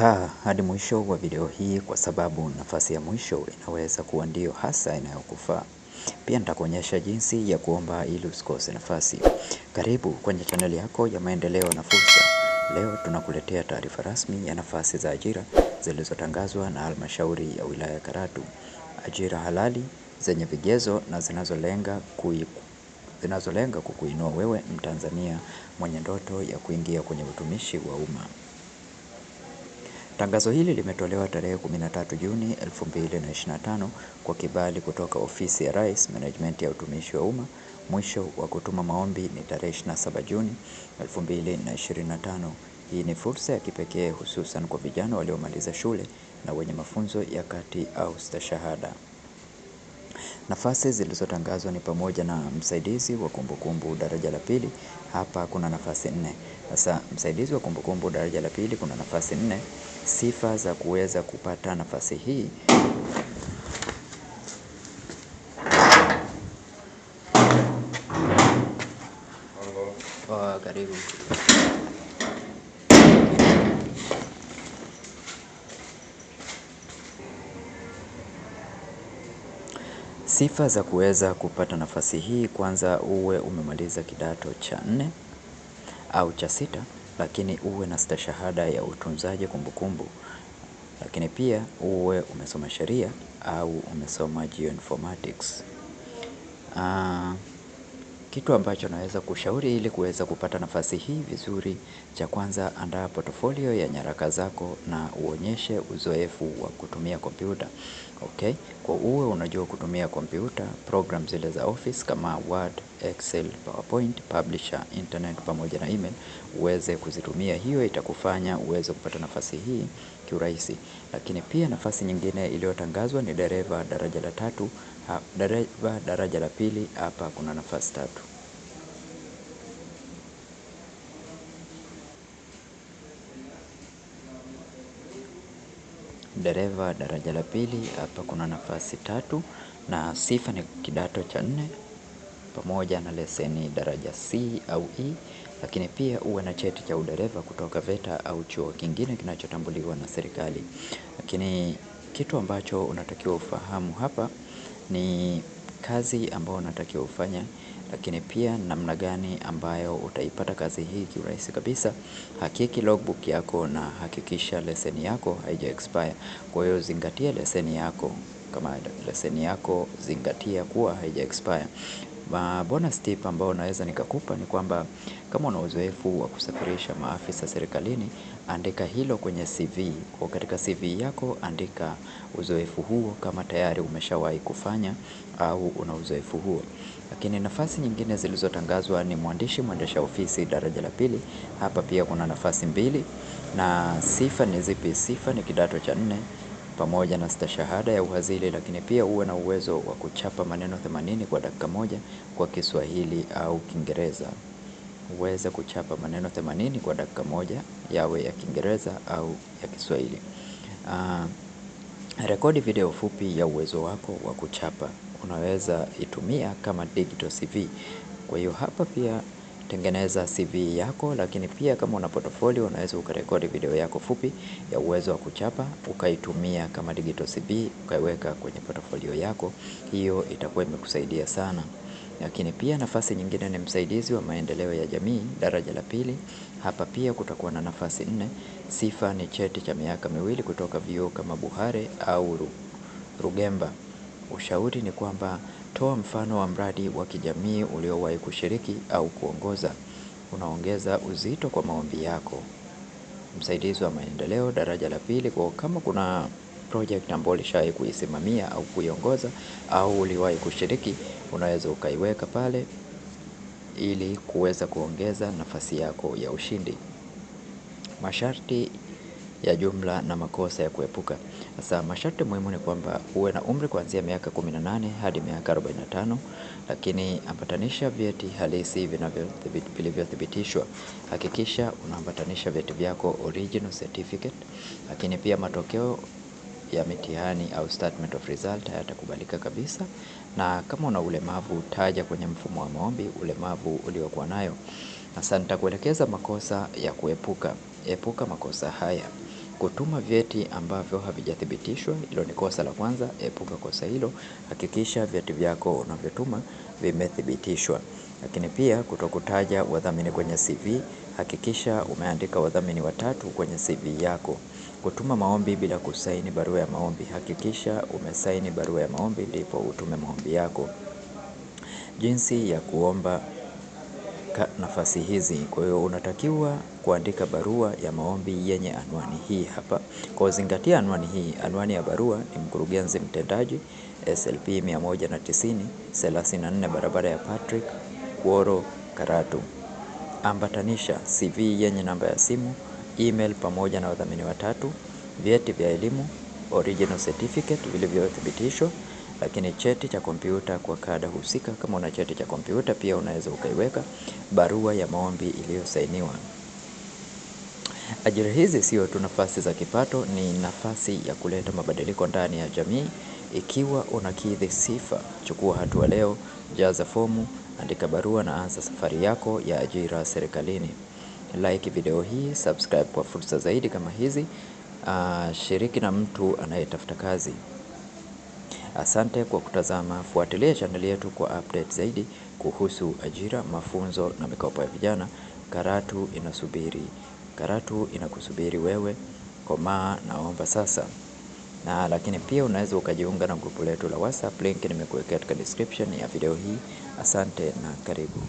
kukaa hadi mwisho wa video hii kwa sababu nafasi ya mwisho inaweza kuwa ndio hasa inayokufaa. Pia nitakuonyesha jinsi ya kuomba ili usikose nafasi. Karibu kwenye chaneli yako ya maendeleo na fursa. Leo tunakuletea taarifa rasmi ya nafasi za ajira zilizotangazwa na halmashauri ya wilaya ya Karatu. Ajira halali zenye vigezo na zinazolenga kui zinazolenga kukuinua wewe Mtanzania mwenye ndoto ya kuingia kwenye utumishi wa umma. Tangazo hili limetolewa tarehe 13 Juni 2025 kwa kibali kutoka Ofisi ya Rais, management ya Utumishi wa Umma. Mwisho wa kutuma maombi ni tarehe 27 Juni 2025. Hii ni fursa ya kipekee hususan kwa vijana waliomaliza shule na wenye mafunzo ya kati au stashahada. Nafasi zilizotangazwa ni pamoja na msaidizi wa kumbukumbu daraja la pili, hapa kuna nafasi nne. Sasa msaidizi wa kumbukumbu daraja la pili kuna nafasi nne. Sifa za kuweza kupata nafasi hii oh, karibu. Sifa za kuweza kupata nafasi hii kwanza uwe umemaliza kidato cha nne au cha sita lakini uwe na stashahada ya utunzaji kumbukumbu lakini pia uwe umesoma sheria au umesoma geoinformatics. Ah, kitu ambacho naweza kushauri ili kuweza kupata nafasi hii vizuri, cha kwanza andaa portfolio ya nyaraka zako na uonyeshe uzoefu wa kutumia kompyuta. Okay, kwa uwe unajua kutumia kompyuta, program zile za office kama Word, Excel, PowerPoint, Publisher, Internet pamoja na email, uweze kuzitumia hiyo itakufanya, uweze kupata nafasi hii kiurahisi. Lakini pia nafasi nyingine iliyotangazwa ni dereva daraja la tatu, dereva daraja la pili, hapa kuna nafasi tatu. Dereva daraja la pili, hapa kuna nafasi tatu na sifa ni kidato cha nne pamoja na leseni daraja C au E lakini pia uwe na cheti cha udereva kutoka VETA au chuo kingine kinachotambuliwa na serikali. Lakini kitu ambacho unatakiwa ufahamu hapa ni kazi ambayo unatakiwa ufanya, lakini pia namna gani ambayo utaipata kazi hii kiurahisi kabisa. Hakiki logbook yako na hakikisha leseni yako haija expire. Kwa hiyo zingatia leseni yako, kama leseni yako zingatia kuwa haija expire. Ah, Bonus tip ambao naweza nikakupa ni kwamba kama una uzoefu wa kusafirisha maafisa serikalini, andika hilo kwenye CV. Kwa katika CV yako, andika uzoefu huo kama tayari umeshawahi kufanya au una uzoefu huo. Lakini nafasi nyingine zilizotangazwa ni mwandishi mwendesha ofisi daraja la pili. Hapa pia kuna nafasi mbili na sifa ni zipi sifa ni kidato cha nne pamoja na stashahada ya uhazili, lakini pia uwe na uwezo wa kuchapa maneno 80 kwa dakika moja kwa Kiswahili au Kiingereza. Uweze kuchapa maneno 80 kwa dakika moja yawe ya Kiingereza au ya Kiswahili. Uh, rekodi video fupi ya uwezo wako wa kuchapa, unaweza itumia kama digital CV. Kwa hiyo hapa pia tengeneza CV yako, lakini pia kama una portfolio unaweza ukarekodi video yako fupi ya uwezo wa kuchapa, ukaitumia kama digital CV, ukaiweka kwenye portfolio yako, hiyo itakuwa imekusaidia sana. Lakini pia nafasi nyingine ni msaidizi wa maendeleo ya jamii, daraja la pili, hapa pia kutakuwa na nafasi nne, sifa ni cheti cha miaka miwili kutoka vyuo kama Buhare au Rugemba. Ushauri ni kwamba Toa mfano wa mradi wa kijamii uliowahi kushiriki au kuongoza. Unaongeza uzito kwa maombi yako. Msaidizi wa maendeleo daraja la pili kwa kama kuna project ambayo ulishawahi kuisimamia au kuiongoza au uliwahi kushiriki unaweza ukaiweka pale ili kuweza kuongeza nafasi yako ya ushindi. Masharti ya jumla na makosa ya kuepuka. Sasa masharti muhimu ni kwamba uwe na umri kuanzia miaka 18 hadi miaka 45, lakini ambatanisha vyeti halisi vilivyothibitishwa. Hakikisha unaambatanisha vyeti vyako original certificate, lakini pia matokeo ya mitihani au statement of result hayatakubalika kabisa. Na kama una ulemavu, taja kwenye mfumo wa maombi ulemavu uliokuwa nayo. Sasa nitakuelekeza makosa ya kuepuka. Epuka makosa haya. Kutuma vyeti ambavyo havijathibitishwa, hilo ni kosa la kwanza, epuka kosa hilo, hakikisha vyeti vyako unavyotuma vimethibitishwa. Lakini pia kutokutaja wadhamini kwenye CV, hakikisha umeandika wadhamini watatu kwenye CV yako. Kutuma maombi bila kusaini barua ya maombi, hakikisha umesaini barua ya maombi ndipo utume maombi yako. Jinsi ya kuomba katika nafasi hizi. Kwa hiyo unatakiwa kuandika barua ya maombi yenye anwani hii hapa. Kwa uzingatia anwani hii, anwani ya barua ni mkurugenzi mtendaji SLP 190 34 barabara ya Patrick Kuoro Karatu. Ambatanisha CV yenye namba ya simu, email pamoja na wadhamini watatu, vyeti vya elimu, original certificate vilivyothibitishwa lakini cheti cha kompyuta kwa kada husika, kama una cheti cha kompyuta pia unaweza ukaiweka barua ya maombi iliyosainiwa. Ajira hizi sio tu nafasi za kipato, ni nafasi ya kuleta mabadiliko ndani ya jamii. Ikiwa unakidhi sifa, chukua hatua leo, jaza fomu, andika barua na anza safari yako ya ajira serikalini. Like video hii, subscribe kwa fursa zaidi kama hizi. Uh, shiriki na mtu anayetafuta kazi. Asante kwa kutazama. Fuatilia chaneli yetu kwa update zaidi kuhusu ajira, mafunzo na mikopo ya vijana. Karatu inasubiri, Karatu inakusubiri wewe. Komaa naomba sasa. Na lakini pia unaweza ukajiunga na grupu letu la WhatsApp, link nimekuwekea katika description ya video hii. Asante na karibu.